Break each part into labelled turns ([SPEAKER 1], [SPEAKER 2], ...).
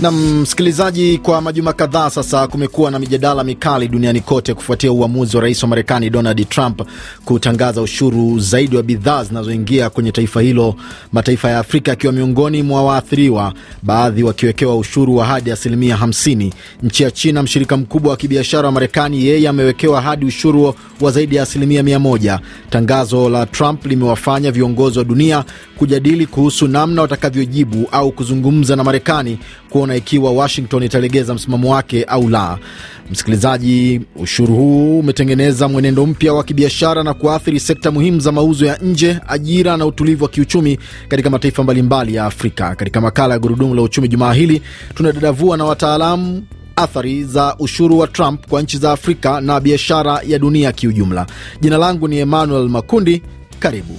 [SPEAKER 1] Na msikilizaji, kwa majuma kadhaa sasa kumekuwa na mijadala mikali duniani kote kufuatia uamuzi wa rais wa Marekani Donald Trump kutangaza ushuru zaidi wa bidhaa zinazoingia kwenye taifa hilo, mataifa ya Afrika yakiwa miongoni mwa waathiriwa, baadhi wakiwekewa ushuru wa hadi asilimia 50. Nchi ya China, mshirika mkubwa wa kibiashara wa Marekani, yeye amewekewa hadi ushuru wa zaidi ya asilimia 100. Tangazo la Trump limewafanya viongozi wa dunia kujadili kuhusu namna watakavyojibu au kuzungumza na Marekani kuona kuona ikiwa Washington italegeza msimamo wake au la. Msikilizaji, ushuru huu umetengeneza mwenendo mpya wa kibiashara na kuathiri sekta muhimu za mauzo ya nje, ajira na utulivu wa kiuchumi katika mataifa mbalimbali ya Afrika. Katika makala ya Gurudumu la Uchumi jumaa hili, tunadadavua na wataalamu athari za ushuru wa Trump kwa nchi za Afrika na biashara ya dunia kiujumla. Jina langu ni Emmanuel Makundi. Karibu.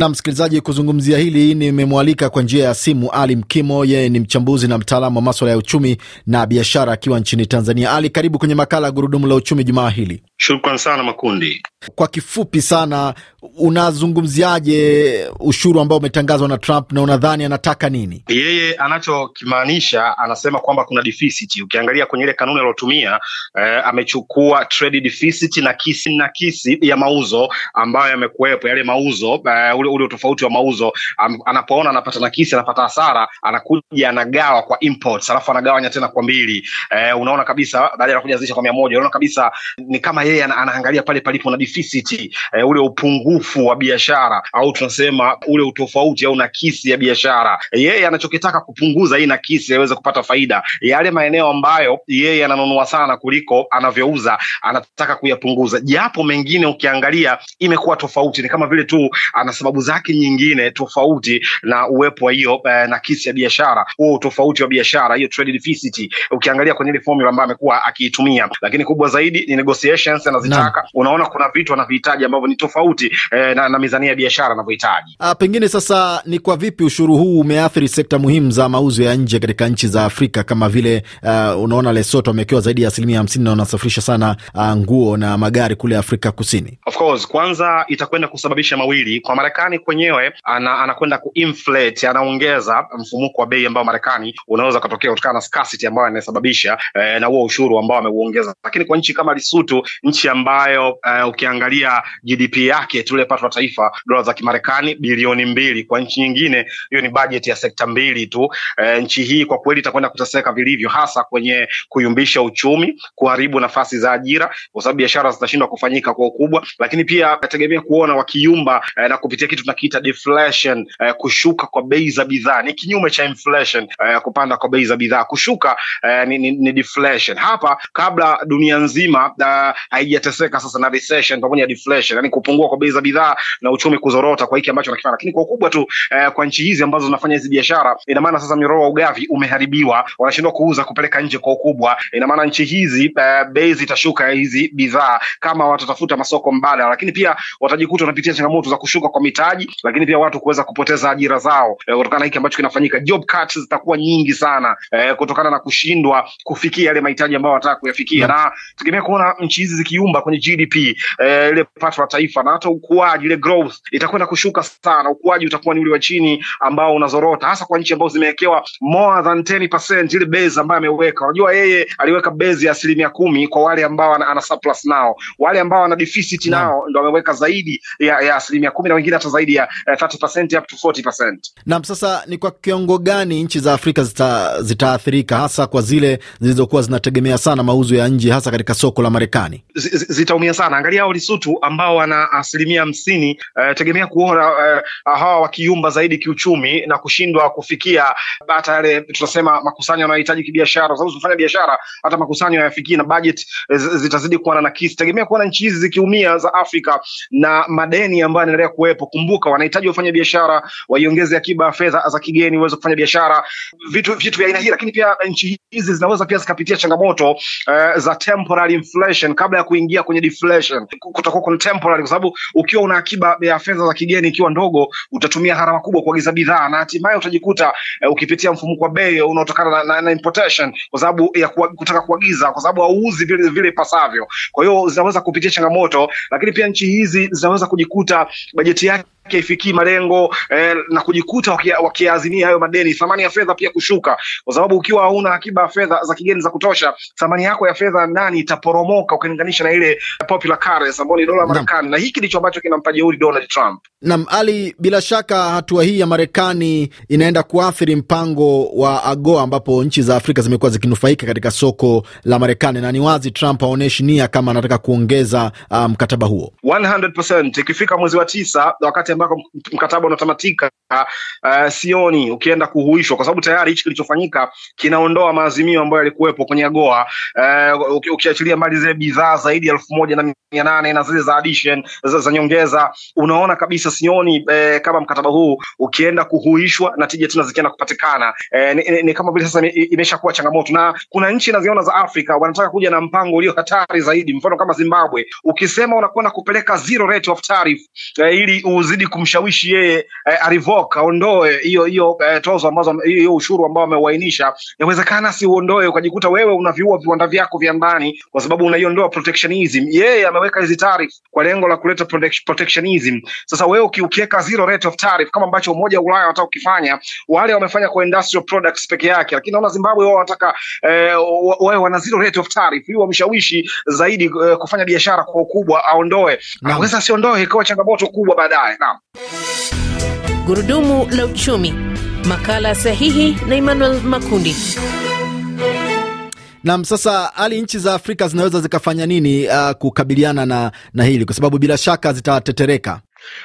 [SPEAKER 1] Na msikilizaji, kuzungumzia hili nimemwalika kwa njia ya simu Ali Mkimo. Yeye ni mchambuzi na mtaalamu wa maswala ya uchumi na biashara akiwa nchini Tanzania. Ali, karibu kwenye makala ya Gurudumu la Uchumi jumaa hili.
[SPEAKER 2] Shukran sana Makundi.
[SPEAKER 1] Kwa kifupi sana, Unazungumziaje ushuru ambao umetangazwa na Trump na unadhani anataka nini?
[SPEAKER 2] Yeye anachokimaanisha anasema kwamba kuna deficit. Ukiangalia kwenye ile kanuni aliyotumia eh, amechukua trade deficit na kisi na kisi ya mauzo ambayo yamekuwepo yale mauzo eh, ule, ule utofauti wa mauzo am, anapoona anapata nakisi anapata hasara anakuja anagawa kwa imports, alafu anagawanya tena kwa mbili eh, unaona kabisa baada ya zisha kwa mia moja unaona kabisa ni kama yeye anaangalia pale palipo na deficit eh, ule upungu upungufu wa biashara au tunasema ule utofauti au nakisi ya biashara. Yeye anachokitaka kupunguza hii nakisi aweze kupata faida. Yale maeneo ambayo yeye ananunua sana kuliko anavyouza anataka kuyapunguza, japo mengine ukiangalia imekuwa tofauti, ni kama vile tu ana sababu zake nyingine tofauti na uwepo wa hiyo eh, nakisi ya biashara, huo utofauti wa biashara, hiyo trade deficit, ukiangalia kwenye ile formula ambayo amekuwa akiitumia. Lakini kubwa zaidi ni negotiations anazitaka. Unaona kuna vitu anavihitaji ambavyo ni tofauti eh, na, na mizania ya biashara anavyohitaji.
[SPEAKER 1] Ah, pengine sasa ni kwa vipi ushuru huu umeathiri sekta muhimu za mauzo ya nje katika nchi za Afrika kama vile uh, unaona Lesotho wamewekewa zaidi ya asilimia hamsini na wanasafirisha sana uh, nguo na magari kule Afrika Kusini.
[SPEAKER 2] Of course, kwanza itakwenda kusababisha mawili kwa Marekani kwenyewe ana, anakwenda kuinflate, anaongeza mfumuko wa bei ambao Marekani unaweza ukatokea kutokana na scarcity ambayo anasababisha eh, na huo ushuru ambao ameuongeza, lakini kwa nchi kama Lesotho, nchi ambayo eh, ukiangalia GDP yake ile pato la taifa dola za Kimarekani bilioni mbili. Kwa nchi nyingine hiyo ni bajeti ya sekta mbili tu. E, nchi hii kwa kweli itakwenda kuteseka vilivyo, hasa kwenye kuyumbisha uchumi, kuharibu nafasi za ajira, kwa sababu biashara zitashindwa kufanyika kwa ukubwa, lakini pia nategemea kuona wakiumba e, na kupitia kitu tunakiita deflation e, kushuka kwa bei za bidhaa ni kinyume cha inflation e, kupanda kwa bei za bidhaa kushuka e, ni, ni, ni deflation. Hapa kabla dunia nzima e, haijateseka sasa na recession pamoja na deflation, yani kupungua kwa bei za za bidhaa na uchumi kuzorota kwa hiki ambacho nakifanya, lakini kwa ukubwa tu eh, kwa nchi hizi ambazo zinafanya hizi biashara, ina maana sasa mnyororo wa ugavi umeharibiwa, wanashindwa kuuza kupeleka nje kwa ukubwa. Ina maana nchi hizi eh, bei zitashuka hizi bidhaa kama watatafuta masoko mbadala, lakini pia watajikuta wanapitia changamoto za kushuka kwa mitaji, lakini pia watu kuweza kupoteza ajira zao eh, kutokana na hiki ambacho kinafanyika. Job cuts zitakuwa nyingi sana eh, kutokana na kushindwa kufikia yale mahitaji ambayo wanataka kuyafikia, na tegemea kuona nchi hizi zikiumba kwenye GDP eh, ile pato la taifa na hata ukuaji, ile growth itakwenda kushuka sana, ukuaji utakuwa ni ule wa chini ambao unazorota, hasa kwa nchi ambazo zimewekewa more than 10% ile base ambayo ameweka. Unajua yeye aliweka base ya asilimia kumi kwa wale ambao ana, ana surplus nao, wale ambao ana deficit yeah, nao ndo ameweka zaidi ya, ya asilimia kumi na wengine hata zaidi ya 30% eh, up to 40%.
[SPEAKER 1] Naam, sasa ni kwa kiwango gani nchi za Afrika zita, zitaathirika hasa kwa zile zilizokuwa zinategemea sana mauzo ya nje hasa katika soko la Marekani?
[SPEAKER 2] Zitaumia sana. Angalia hao Lesotho ambao wana asilimia asilimia hamsini. Uh, tegemea kuona uh, hawa wakiumba zaidi kiuchumi na kushindwa kufikia hata yale tunasema makusanyo yanayohitaji kibiashara, kwa sababu kufanya biashara hata makusanyo hayafikii na budget eh, zitazidi kuwa na nakisi. Tegemea kuona nchi hizi zikiumia za Afrika na madeni ambayo yanaendelea kuwepo. Kumbuka wanahitaji wafanya biashara waiongeze akiba ya fedha za kigeni waweze kufanya biashara, vitu vitu vya aina hii, lakini pia nchi hizi zinaweza pia zikapitia changamoto uh, za temporary inflation kabla ya kuingia kwenye deflation. Kutakuwa kuna temporary kwa sababu ukiwa una akiba ya fedha za kigeni ikiwa ndogo, utatumia gharama kubwa kuagiza bidhaa na hatimaye utajikuta eh, ukipitia mfumuko wa bei unaotokana na, na, na importation kwa sababu ya kuwa, kutaka kuagiza kwa sababu hauuzi vile vile ipasavyo. Kwa hiyo zinaweza kupitia changamoto, lakini pia nchi hizi zinaweza kujikuta bajeti yake haifikii malengo eh, na kujikuta wakiyaazimia hayo madeni, thamani ya fedha pia kushuka, kwa sababu ukiwa hauna akiba ya fedha za kigeni za kutosha, thamani yako ya fedha ndani itaporomoka ukilinganisha na ile popular currency ambayo ni dola Marekani, na hiki ndicho ambacho kinampa jeuri Donald Trump.
[SPEAKER 1] Naam, Ali, bila shaka hatua hii ya Marekani inaenda kuathiri mpango wa AGOA ambapo nchi za Afrika zimekuwa zikinufaika katika soko la Marekani, na ni wazi Trump aoneshi nia kama anataka kuongeza ah, mkataba um, huo
[SPEAKER 2] 100% ikifika mwezi wa tisa wakati wakati ambako mkataba unatamatika uh, sioni ukienda kuhuishwa, kwa sababu tayari hichi kilichofanyika kinaondoa maazimio ambayo yalikuwepo kwenye goa uh, ukiachilia mbali zile bidhaa zaidi ya elfu moja na mia nane na zile za addition za, za nyongeza, unaona kabisa sioni eh, kama mkataba huu ukienda kuhuishwa na tija tena zikienda kupatikana eh, ni, ni, ni kama vile sasa imeshakuwa changamoto, na kuna nchi naziona za Afrika wanataka kuja na mpango ulio hatari zaidi, mfano kama Zimbabwe, ukisema unakwenda kupeleka zero rate of tarif eh, ili uzidi kumshawishi yeye eh, arivo block aondoe hiyo hiyo eh, tozo ambazo hiyo ushuru ambao amewainisha, yawezekana si uondoe, ukajikuta wewe unaviua viwanda vyako vya ndani kwa sababu unaiondoa protectionism. Yeye ameweka hizi tariff kwa lengo la kuleta protectionism. Sasa wewe ukiukeka zero rate of tariff kama ambacho umoja wa Ulaya unataka kufanya, wale wamefanya kwa industrial products peke yake, lakini naona Zimbabwe wao wanataka eh, wao wana zero rate of tariff hiyo wamshawishi zaidi eh, kufanya biashara kwa ukubwa, aondoe. Naweza siondoe, ikawa changamoto kubwa
[SPEAKER 1] baadaye. Naam. Gurudumu la uchumi, makala sahihi na Emmanuel Makundi. Nam, sasa hali nchi za Afrika zinaweza zikafanya nini uh, kukabiliana na, na hili kwa sababu bila shaka zitatetereka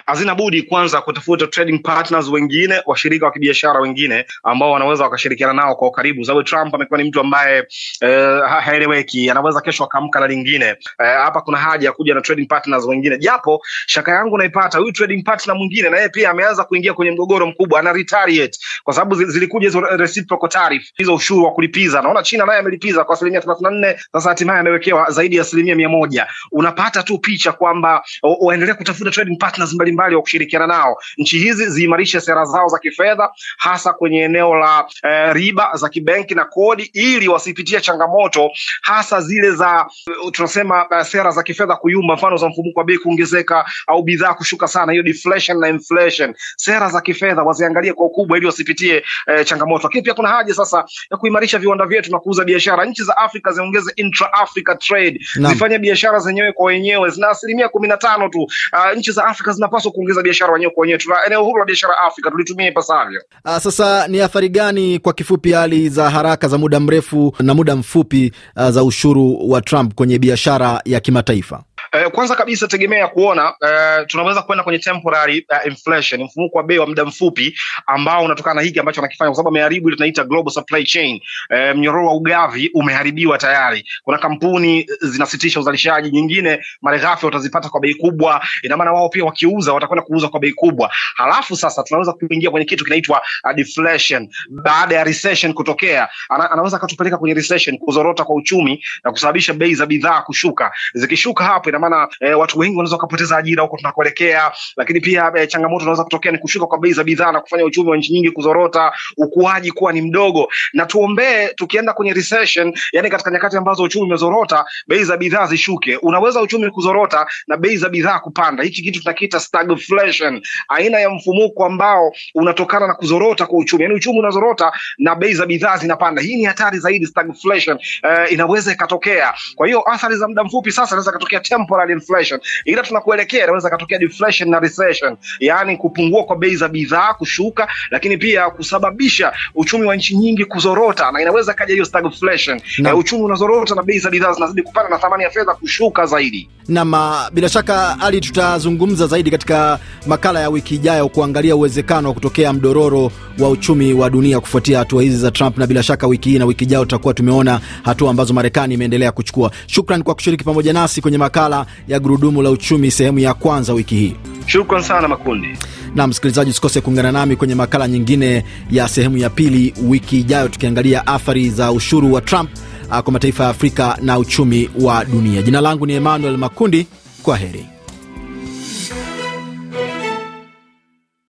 [SPEAKER 2] hazina budi kwanza kutafuta trading partners wengine, washirika wa kibiashara wengine ambao wanaweza wakashirikiana nao kwa ukaribu, sababu Trump amekuwa ni mtu ambaye eh, haeleweki, anaweza kesho akaamka na lingine eh, hapa. Eh, kuna haja ya kuja na trading partners wengine, japo shaka yangu naipata huyu trading partner mwingine, na yeye pia ameanza kuingia kwenye mgogoro mkubwa, ana retaliate kwa sababu zilikuja hizo reciprocal tariff, hizo ushuru wa kulipiza. Naona China naye amelipiza kwa asilimia thelathini sasa hatimaye amewekewa zaidi ya asilimia mia Unapata tu picha kwamba waendelea kutafuta trading partners partners mbalimbali wa kushirikiana nao. Nchi hizi ziimarishe sera zao za kifedha, hasa kwenye eneo la eh, riba za kibenki na kodi, ili wasipitie changamoto hasa zile za eh, tunasema uh, sera za kifedha kuyumba, mfano za mfumuko wa bei kuongezeka au bidhaa kushuka sana, hiyo deflation na inflation. Sera za kifedha waziangalie kwa ukubwa, ili wasipitie eh, changamoto. Lakini pia kuna haja sasa ya kuimarisha viwanda vyetu na kuuza biashara. Nchi za Afrika ziongeze intra Africa trade, zifanye biashara zenyewe kwa wenyewe, zina asilimia kumi na tano tu. Uh, nchi za Afrika zinapaswa kuongeza biashara wenyewe kwa wenyewe. Tuna eneo huru la biashara Afrika, tulitumia ipasavyo.
[SPEAKER 1] Ah, sasa ni athari gani kwa kifupi, hali za haraka za muda mrefu na muda mfupi ah, za ushuru wa Trump kwenye biashara ya kimataifa?
[SPEAKER 2] Eh, kwanza kabisa tegemea kuona eh, tunaweza kwenda kwenye temporary uh, inflation, mfumuko wa bei wa muda mfupi ambao unatokana na hiki ambacho wanakifanya kwa sababu ameharibu ile tunaita global supply chain. Eh, mnyororo wa ugavi umeharibiwa tayari, kuna kampuni zinasitisha uzalishaji, nyingine malighafi watazipata kwa bei kubwa, ina maana wao pia wakiuza watakwenda kuuza kwa bei kubwa. Halafu sasa tunaweza kuingia kwenye kitu kinaitwa uh, deflation baada ya recession kutokea. Ana, anaweza akatupeleka kwenye recession, kuzorota kwa uchumi na kusababisha bei za bidhaa kushuka. Zikishuka hapo ina maana e, watu wengi wanaweza kupoteza ajira huko tunakuelekea, lakini pia e, changamoto zinaweza kutokea ni kushuka kwa bei za bidhaa na kufanya uchumi wa nchi nyingi kuzorota, ukuaji kuwa ni mdogo, na tuombee tukienda kwenye recession, yani katika nyakati ambazo uchumi umezorota, bei za bidhaa zishuke. Unaweza uchumi kuzorota na bei za bidhaa kupanda. Hichi kitu tunakiita stagflation, aina ya mfumuko ambao unatokana na kuzorota kwa uchumi, yani uchumi unazorota na bei za bidhaa zinapanda. Hii ni hatari zaidi, stagflation uh, inaweza ikatokea. Kwa hiyo athari za muda mfupi sasa inaweza ikatokea tempo temporary inflation, ila tunakuelekea inaweza katokea deflation na recession, yaani kupungua kwa bei za bidhaa kushuka, lakini pia kusababisha uchumi wa nchi nyingi kuzorota, na inaweza kaja hiyo stagflation na ya eh, uchumi unazorota na bei za bidhaa zinazidi kupanda na thamani ya fedha kushuka zaidi.
[SPEAKER 1] Na ah, bila shaka Ali, tutazungumza zaidi katika makala ya wiki ijayo kuangalia uwezekano wa kutokea mdororo wa uchumi wa dunia kufuatia hatua hizi za Trump, na bila shaka wiki hii na wiki ijayo tutakuwa tumeona hatua ambazo Marekani imeendelea kuchukua. Shukran kwa kushiriki pamoja nasi kwenye makala ya gurudumu la uchumi sehemu ya kwanza wiki hii.
[SPEAKER 2] Shukran sana
[SPEAKER 1] Makundi. Na msikilizaji, usikose kuungana nami kwenye makala nyingine ya sehemu ya pili wiki ijayo, tukiangalia athari za ushuru wa Trump ah, kwa mataifa ya Afrika na uchumi wa dunia. Jina langu ni Emmanuel Makundi. Kwa heri.